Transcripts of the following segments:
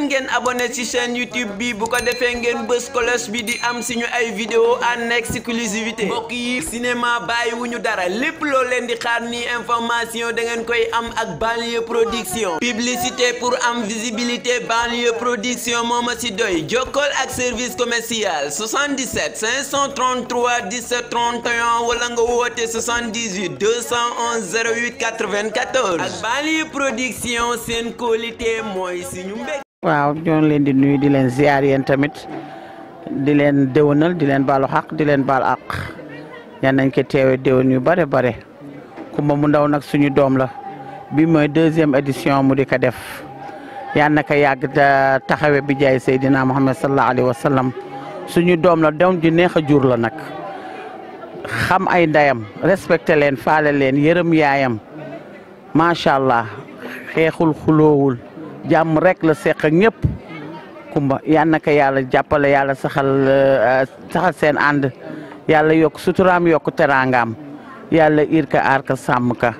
leen ngeen abonné ci chaîne YouTube bi bu ko défé ngeen bës bi di am ay vidéo en exclusivité mbokk cinéma bàyyiwuñu dara lépp loo leen di xaar ni information da ngeen koy am ak banlieue production publicité pour am visibilité banlieue production moma ci doy jokkool ak service commercial 77 533 17 31 wala nga woté 78 211 08 94 ak banlieue production seen qualité. moy suñu mbég waaw ñoo leen di nuyu di leen ziar yéen tamit di leen déwénal di leen baalu xaq di leen baal àq yan nañ ko teewe déwén yu bare bare Kumba mu ndaw nag suñu doom la bi mooy deuxième édition mu di ko def yan naka yàgg taxawe bi jaay Seydina Muhammad sallallahu alayhi wa sallam suñu doom la doom ji neex a jur la nag xam ay ndayam respecté leen faale leen yërëm yaayam macha allah xeexul xuloowul jàmm rek la seq ak ñëpp kumba yal na ko yàlla jàppale yàlla saxal euh, saxal seen ànd yàlla yokk suturaam yokk teraangam yàlla ir ka aar ka sàmm ka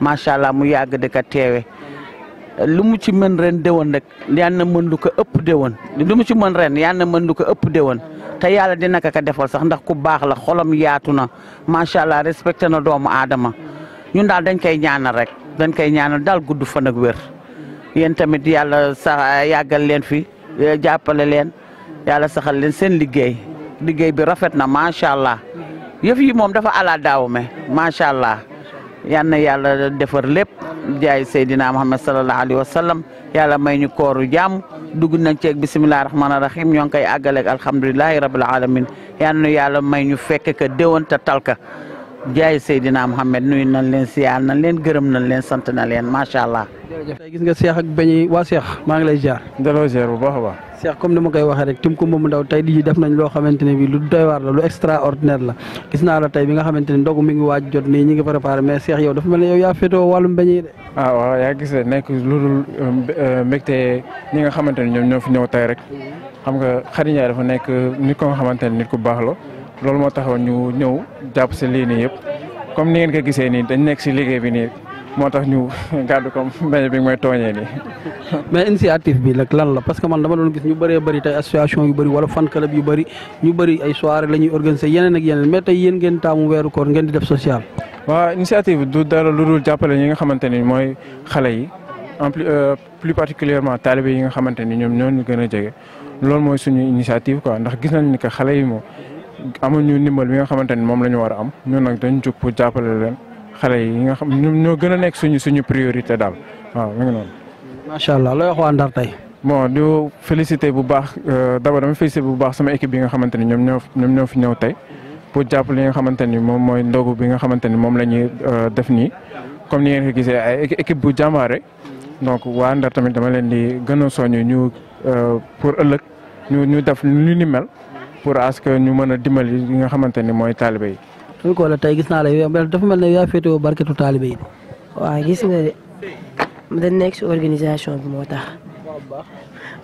macha mu yàgg de ka teewe lu mu ci mën ren déwén rek yal na mën lu ko ëpp déwén lu mu ci mën ren yàlla mën lu ko ëpp déwén te yàlla dina ko ka defal sax ndax ku baax la xolom yaatu na macha allah respecté na doomu aadama ñun daal dañ koy ñaanal rek dañ koy ñaanal daal gudd fan ak wér. yéen tamit yàlla sax eh, yàggal leen fi eh, jàppale leen yàlla saxal leen seen liggéey liggéey bi rafet na macha allah yëf yi moom dafa ala daaw me macha allah yal na yàlla defar lépp jaay Seydina Muhammad sallallahu alayhi wa sallam yàlla may ñu kooru jàmm dugg nañ ceeg bisimilah rahmaani rahim ñoo ngi koy àggaleeg alhamdulilahi alamin yàlla may ñu fekk ka déwén tal ka jaay Seydina Mohamed nuyu nañ leen siyaar nan leen gërëm nañ leen sant na leen macha allah. jërëjëf gis nga Cheikh ak Beñi waa Cheikh maa ngi lay jaar. delloo ziar bu baax a baax. Cheikh comme ni ma koy waxee rek tim ko moomu ndaw tey di def nañ loo xamante ne bii lu doy waar la lu extraordinaire la gis naa la tey bi nga xamante ne ndogu mi ngi waaj jot nii ñi ngi préparé mais Cheikh yow dafa mel ne yow yaa féetoo wàllum Beñi de. ah waaw yaa gisee nekk lu dul um, uh, mbégte ñi nga xamante ne ñoom ñoo fi ñëw tey rek mm-hmm. xam nga Khady Ndiaye dafa nekk nit ko nga xamante ne nit ku baax la loolu moo taxoon ñu ñëw jàpp si lii nii yëpp comme ni ngeen ko gisee nii dañ nekk si liggéey bi nii moo tax ñu gàddu ko mbeñ bi mooy tooñee nii. mais initiative bi nag lan la parce que man dama doon gis ñu bëree bari tey association yu bëri wala fan club yu bëri ñu bëri ay soirée la ñuy organiser yeneen ak yeneen mais tey yéen ngeen taamu weeru koor ngeen di def social. waaw initiative du dara lu dul jàppale ñi nga xamante ni mooy xale yi en plus euh, plus particulièrement taalibe yi nga xamante ni ñoom ñoo ñu gën a jege loolu mooy suñu initiative quoi ndax gis nañ ni que xale yi moom ñu ndimbal bi nga xamante ni moom la ñu war a am ñun nag dañ jub pour jàppale leen xale yi nga xam ñoo gën a nekk suñu suñu priorité daal waaw mi ngi noonu. macha allah looy wax waa Ndar tey. bon di félicité bu baax euh, d'abord dama félicité bu baax sama équipe bi nga xamante ni ñoom ñoo ñoom ñoo fi ñëw tey pour jàppale li nga xamante ni moom mooy ndogu bi nga xamante ni moom la ñuy euh, def nii comme ni ngeen ko gisee ay équipe bu jàmbaare donc waa Ndar tamit dama leen di gën a soññ ñu euh, pour ëllëg ñu ñu def lu ni pour à ñu mën a dimbali ñi nga xamante ni mooy taalibe yi. suñu ko la tey gis naa la dafa mel ne yaa féetewoo barketu taalibe yi. waaw gis nekk si organisation bi moo tax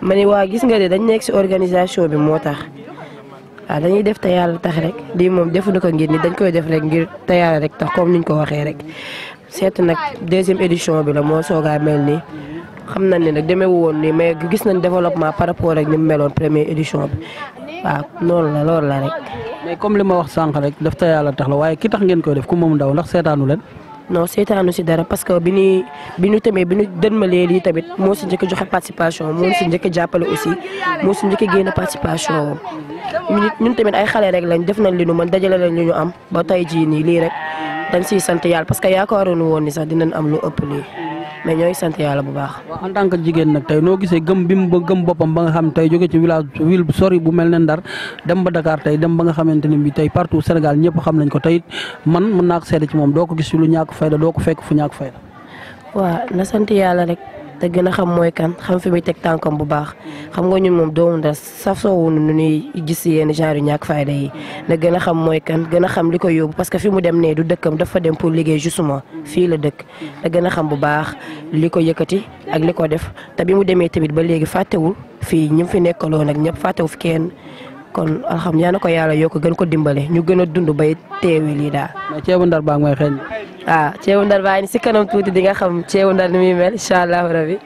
ma ne waa gis nga de dañ nekk si organisation bi moo tax waaw dañuy def te yàlla tax rek lii moom defuñu ko ngir ni dañ koy def rek ngir te rek tax comme niñ ko waxee rek seetu nag deuxième édition bi la moo soogaa mel nii. xam nañ ne nag demeewu woon nii mais gis nañ développement par rapport ak ni mu meloon première édition bi waaw noonu la loolu la rek. mais comme li ma wax sànq rek daf ta yàlla tax la waaye ki tax ngeen koy def ku moom ndaw ndax seetaanu leen. non seetaanu si dara parce que bi ñuy bi ñu tamit bi ñu dënmalee lii tamit moo si njëkk joxe participation moo si njëkk jàppale aussi moo si njëkk génn participation ñun ñun tamit ay xale rek lañ def nañ li ñu mën dajale lañ li ñu am ba tey jii nii lii rek dañ siy sant yàlla parce que yaakaaroonu woon ni sax dinañ am lu ëpp lii. mais ñoo ngi sant yàlla bu baax. waaw en tant que jigéen nag tey noo gisee gëm bi mu ba gëm boppam ba nga xam tey jóge ci village ville sori bu mel ne Ndar dem ba Dakar tey dem ba nga xamante ne bii tey partout Sénégal ñëpp xam nañ ko tey man mën naa ko seede ci moom doo ko gis lu ñàkk fayda doo ko fekk fu ñàkk fayda. waaw na sant yàlla rek. te gën a xam mooy kan xam fi muy teg tànkam bu baax xam nga ñun moom doomu Ndar saf soowunu nu ñuy gis yenn genre yu ñàkk yi na gën a xam mooy kan gën a xam li ko yóbbu parce que fi mu dem nee du dëkkam dafa dem pour liggéey justement fii la dëkk da gën a xam bu baax li ko yëkkati ak li ko def te bi mu demee tamit ba léegi fàttewul fii ñi fi nekkaloon ak ñëpp fàttewu fi kenn kon alhamdulilah ko yalla yoko gën ko dimbalé ñu gëna dund bay teewi li da mais ceebu ndar ba ngoy may ah waaw ndar baa ngi si kanam tuuti di nga xam ceebu ndar ni mi mel inshallah rabbi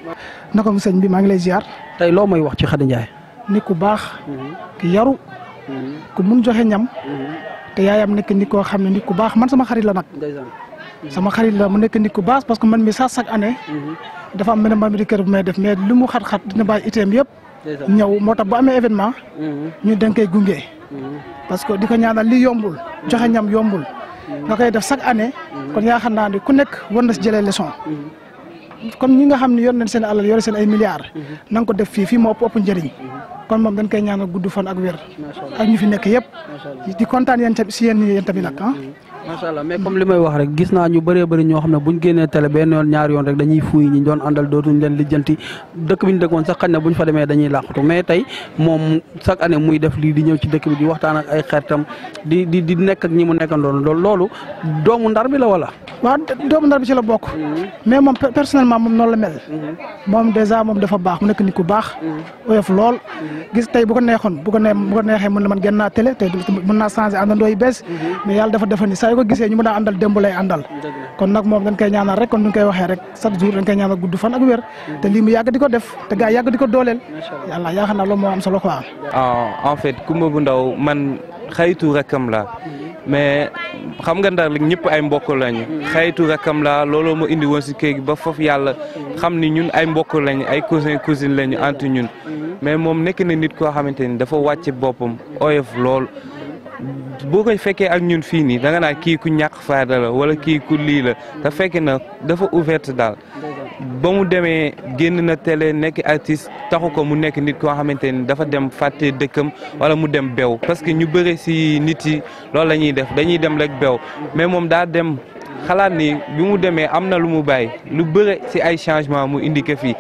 nako mu señ bi ma ngi lay ziar. tay lo moy wax ci xadi Ndiaye. ni ku bax mhm. ki yaru. Mhm. ku mun joxe ñam. Mhm. te yaayam nek ni ko xamni ni ku bax man sama xarit la nak sama xarit la mu nek ni ku bax parce que man mi sa sax année. dafa am benn mbaa di kër bu may def mais lu mu xat-xat dina bay itam yépp ñew moo bu amé événement mhm. ñu dañ koy gunge mhm. parce que diko ñaanal li yombul mhm. joxe ñam yombul nga koy def chaque année kon ya naa ne ku nek wonna ci si leçon kon ñi nga xamni yor nañ seen alal yore seen ay milliards nang ko def fi fi mo ëpp njëriñ kon mom dañ koy ñaanal guddu fan ak wér ak ñu fi nek yépp di contane yeen ci yeen yeen tamit ah. macha allah mais comme li may wax rek gis naa ñu bëree bëri ñoo xam ne buñ génnee télé benn yoon ñaari yoon rek dañuy fuuy ñi doon àndal dootuñ leen lijjanti dëkk bi ñu dëkkoon sax xañ na buñ fa demee dañuy làqatu mais tey moom chaque ane muy def lii di ñëw ci dëkk bi di waxtaan ak ay xaritam di di di nekk ak ñi mu nekkandoon loolu doomu ndar bi la wala waaw doomu ndar bi ci la bokk. Mhm. mais moom personnellement moom noonu la mel. Mhm. moom dèjà moom dafa baax mu nekk nit ku baax. Mhm. oyof lool. gis tey bu ko neexoon bu ko nee neexee mën na man génn naa télé tey mën na changé àndandoo yu bees. mais yàlla dafa defal ni ko gisee ñu mën a àndal démb lay àndal. kon nag moom dañ koy ñaanal rek kon ñu koy waxee rek chaque jour dañ koy ñaanal gudd fan ak wér. te lii mu yàgg di ko def te gaa yàgg di ko dooleel. yàlla yaakaar naa loolu moo am solo quoi. Ah, en fait Coumba bu Ndaw man. xaytu rakkam la mais xam nga ndar ñëpp ay mbokk lañu xaytu rakkam la looloo ma indi woon si kër ba foofu yàlla xam ni ñun ay mbokk lañu ay cousin cousine lañu entre ñun mais moom nekk na nit koo xamante ni dafa wàcc boppam oyof lool boo ko fekkee ak ñun fii nii danga naa kii ku ñàkk fayda la wala kii ku lii la te fekk na dafa ouverte daal ba mu demee génn na télé nekk artiste taxu ko mu nekk nit koo xamante ni dafa dem fàtte dëkkam wala mu dem bew parce que ñu bëre si nit yi loolu la ñuy def dañuy dem rek bew mais moom daa dem xalaat ni bi mu demee am na lu mu bàyyi lu bëre si ay changement mu indi ko fii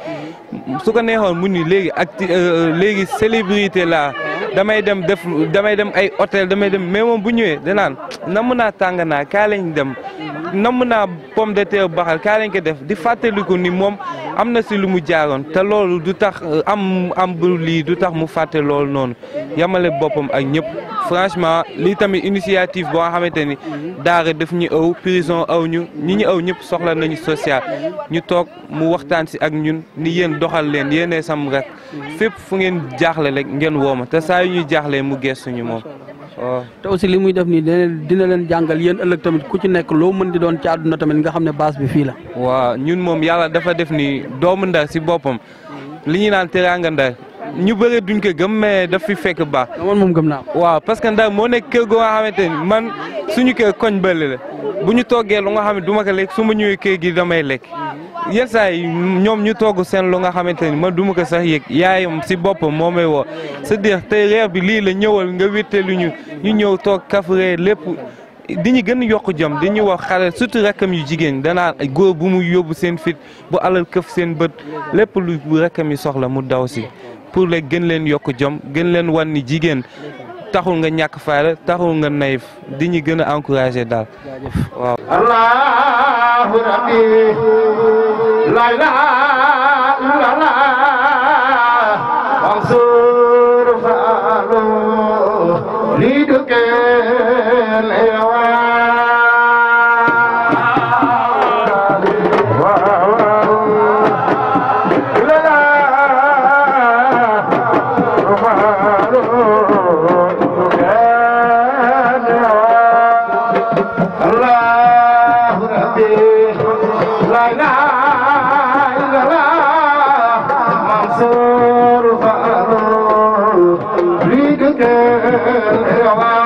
su ko neexoon mu ni léegi acti euh, euh, la damay dem def damay dem ay hôtel damay dem mais moom bu ñëwee danaan namm naa tàng naa kaa lañ dem namm naa pomme de terre baxal kaa lañ ko def di fàttaliku ni moom am na si lu mu jaaroon te loolu du tax euh, am am bu lii du tax mu fàtte loolu noonu yamale boppam ak ñëpp franchement lii tamit initiative boo xamante ni daara def ñu aw prison aw ñu ñi ñu aw ñëpp soxla nañu social ñu toog mu waxtaan si ak ñun ni yéen doxal leen yenee sam rek fépp fu ngeen jaaxle rek ngeen wooma te saa yu ñu jaaxlee mu geesuñu moom te aussi li muy def nii dina leen jàngal yéen ëllëg tamit ku ci nekk loo mën di doon ci àdduna tamit nga xam ne base bi fii la. waaw ñun moom yàlla dafa def ni doomu ndar si boppam li ñuy naan teraanga ndar ñu bëre duñ ko gëm mais daf fi fekk baax. man moom gëm naa waaw parce que ndar moo nekk kër goo nga xamante ni man suñu kër koñ bële la bu ñu toggee lu nga xam ne du ma ko lekk su ma ñëwee kër gi damay lekk. yenn saa yi ñoom ñu toog seen lu nga xamante ni man duma ko sax yëg yaayam si boppam moo may woo cest à reer bi lii la ñëwal nga wétte lu ñu ñu ñëw toog kafre lépp di ñu gën yokk jom di ñu wax xale surtout yu jigéen danaa góor bu mu yóbbu seen bu alal këf seen bët lépp lu rakkam yi soxla mu daw si pour léegi gën leen yokk jom gën leen wan ni jigéen taxul nga ñàkk fayda taxul nga nayif di ñu gën a encouragé daal لا إله إلا الله منصور فعلوا ليدك الإيوان كان رواه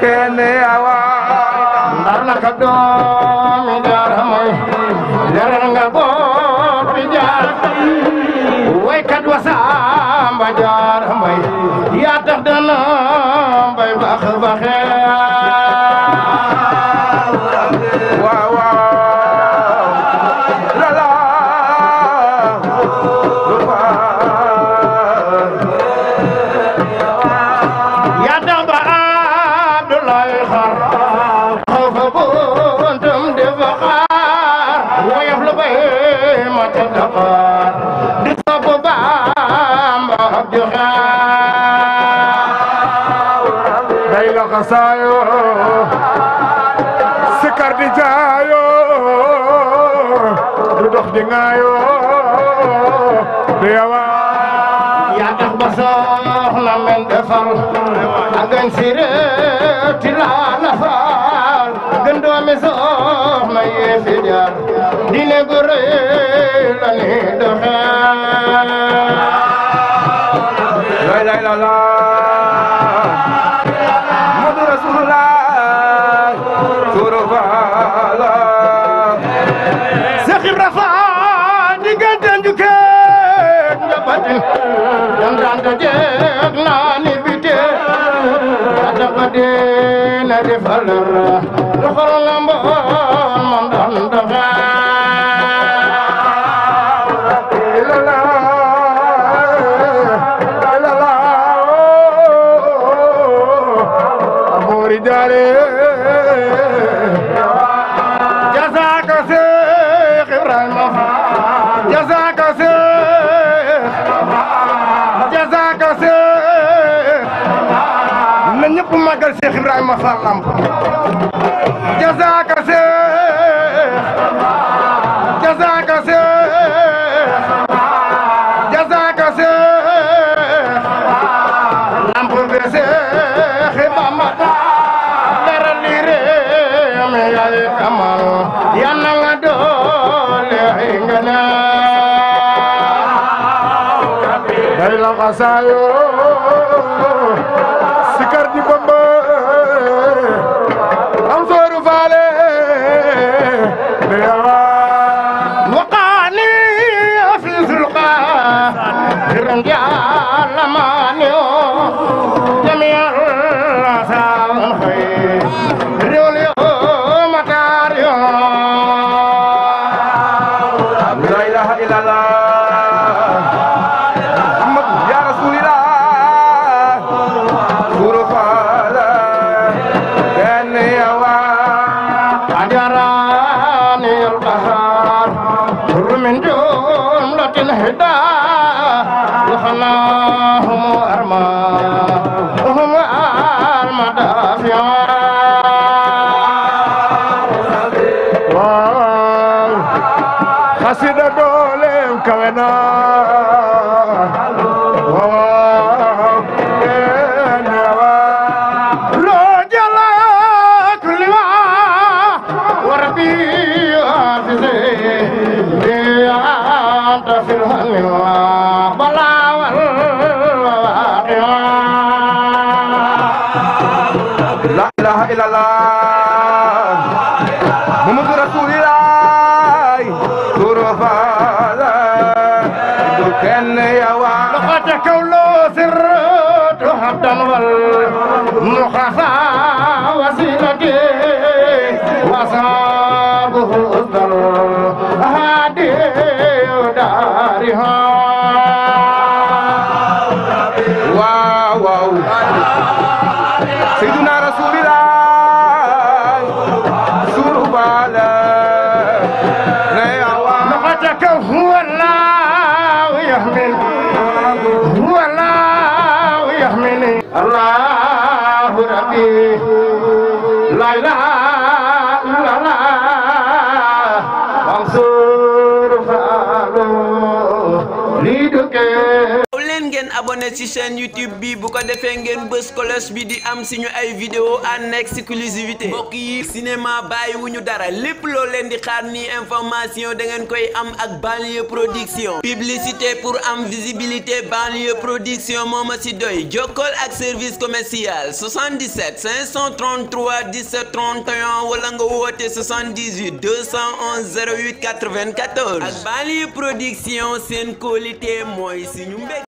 কেনে dingayo dewa yaa tax ba soxla leen defal agañ sire ti laa la faal gën doomi soxla yee fi jaar dine gu rëy la ni doxee defal ñëpp màggal Seex Ibrahima Fall jazaaka Seex jazaaka jazaaka Seex lamp be Seex Bamba dara li réew mi yaay kamal nga doole ay ngëneel day la يراني البهار كل من جملة الهدى لخناهم أرمان Kasih dado وغافرها من وبلا والواقعة لا إله إلا الله đi được kê Abonnez-vous abonné ci chaîne YouTube bi bu ko défé ngeen bës cloche bi di am suñu ay vidéo en exclusivité mbokk yi cinéma bàyyi wuñu dara lépp loo leen di xaar ni information da ngeen koy am ak banlieue production publicité pour am visibilité banlieue production moma ci doy jokkool ak service commercial 77 533 17 31 wala nga woté 78 211 08 94 ak banlieue production S'en qualité mooy suñu mbé